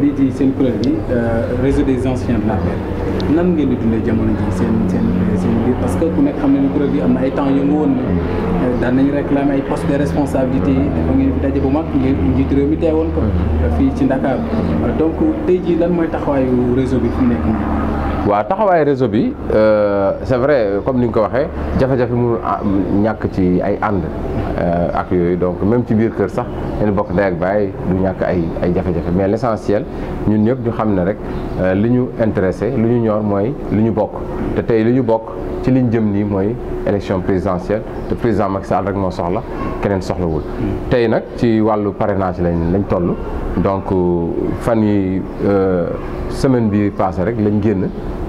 lii ci seen kuréel gi euh, réseau des anciens de l'APR nan ngeen di dundee jamono ji seen seen parce que ku nekk xam ne ni kuréel gi am na ay temps yëngu woon na euh, daan nañu réclamer ay postes de responsabilité yi dafa ngeen fi daje bu mag ngeen njiit réew mi teewoon ko euh, fii ci Ndakaar donc tey jii lan mooy taxawaayu réseau bi fi nekk nii waaw taxawaay réseau bi c'est vrai comme ni nga ko waxee jafe-jafe mu ah, ñàkk ci ay ànd Euh, ak yooyu donc même ci biir kër sax ñu bokk ndey ak baay du ñàkk ay ay jafe-jafe mais l'essentiel ñun ñëpp ñu xam ne rek euh, li ñu intéressé li ñu ñor mooy li ñu bokk te tey li ñu bokk ci liñ jëm nii mooy élection présidentielle te président Macky rek moo soxla keneen soxlawul. tey nag ci wàllu parrainage lañ lañ toll donc euh, fan yi semaine bi passé rek lañ génn.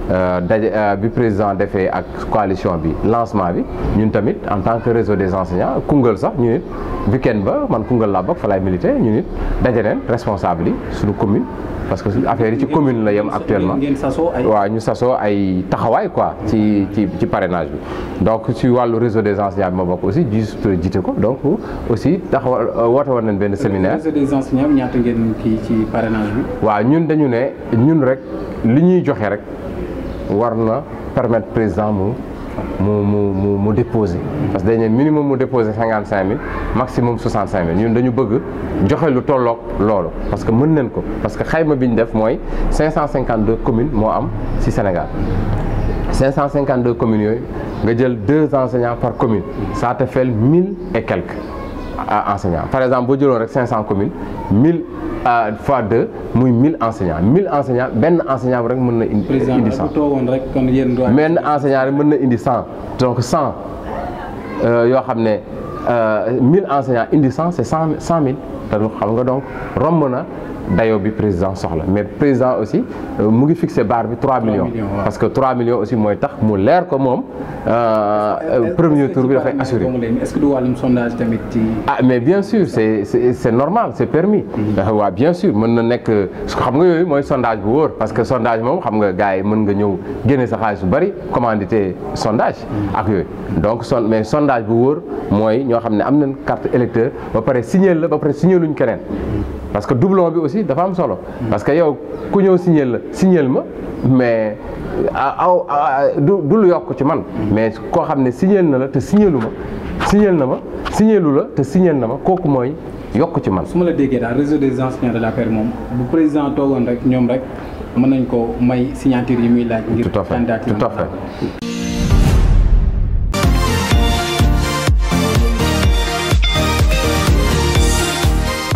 Euh, daje euh, bi président defee ak coalition bi lancement bi ñun tamit en tant que réseau des enseignants Koungheul sax ñu nit weekend ba man Koungheul laa bokk fa laay milité ñu nit daje neen responsable yi suñu commune parce que affaire yi ci commune la yem actuellement waa ñu sasoo ay taxawaay quoi ci ci ci parrainage bi donc si wàllu réseau des enseignants bi ma bokk aussi juste jiite ko donc aussi taxawa euh, woote woon nañ benn séminaire réseau kii ci parrainage bi waaw ñun dañu ne ñun rek li ñuy joxe rek war na permetre président mu mu mu mu mu déposer. parce que dañ ne minimum mu déposer cinquante cinq mille maximum soixante cinq mille ñun dañu bëgg joxe lu tolloog loolu. parce que mën nañ ko parce que xayma bi ñu def mooy cinq cent cinquante deux communes moo am ci Sénégal. 552 communes yooyu nga jël deux enseignants par commune ça te fait mille et quelques enseignants par exemple boo jëloon rek cent communes 1000 fois 2 muy mill enseignants 1000 enseignants benn enseignant rek mën na indi 100 benn enseignant rek mën na indi 100 donc 100 euh, yoo xam ne 1000 euh, enseignants indi 100 c'est cent 100000. te xam nga donc romb a dayoo bi président soxla mais président aussi euh, mu ngi fixé barre bi 3 millions. parce que 3 millions aussi mooy tax euh, euh, tour bi dafay assuré. est-ce que du wàllum sondage tamit ci. ah mais bien sûr c'est c'est c'est normal c'est permis. Mm-hmm. waaw bien sûr mën na nekk xam nga yooyu mooy sondage bu wóor parce que sondage moom xam nga gars yi mën nga ñëw génne sa xaalis bu bari commandité sondage. Mm-hmm. ak yooyu donc son mais sondage bu wóor mooy ñoo xam ne am nañ carte électeur ba pare signé la ba pare signé. lu ñu keneen parce que doublon bi aussi dafa am solo. parce que yow ku ñëw signal la signal ma mais aw du du lu yokk ci man. mais koo xam ne signal na la te signalu ma signal na ma signalu la te signal na ma kooku mooy yokk ci man. su ma la déggee daal réseau des enseignants de l'APR moom bu président toogoon rek ñoom rek mën nañ koo may signature yi muy laaj. ngir candidature tout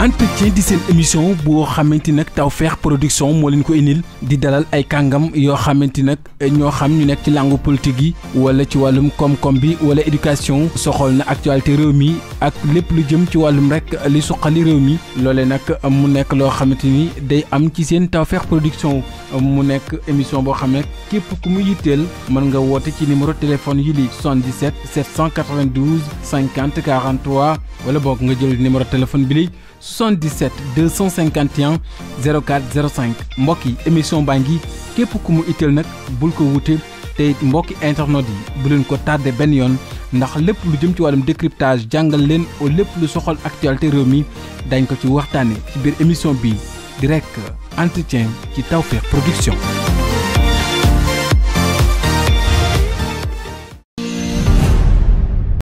entretien di seen émission boo xamante nag Tawfekh Production moo leen ko indil di dalal ay kàngam yoo xamante nag ñoo xam ñu nekk ci làngu politique yi wala ci wàllum koom-koom bi wala éducation soxal na actualité réew mi ak lépp lu jëm ci wàllum rek li suqali réew mi loolee nag mu nekk loo xamante ni day am ci seen Tawfekh Production mu nekk émission boo xam ne képp ku mu yitteel mën nga woote ci numéro téléphone yi li 77 792 50 43 wala boog nga jël numéro téléphone bi li 77 251 04 05 mbokk yi émission baa ngi képp ku mu itteel nag bul ko wute te mbokki internet yi bu leen ko tardé benn yoon ndax lépp lu jëm ci wàllum décryptage jàngal leen au lépp lu soxal actualité réew mi dañ ko ci waxtaane ci biir émission bi direct entretien ci Tawfekh Production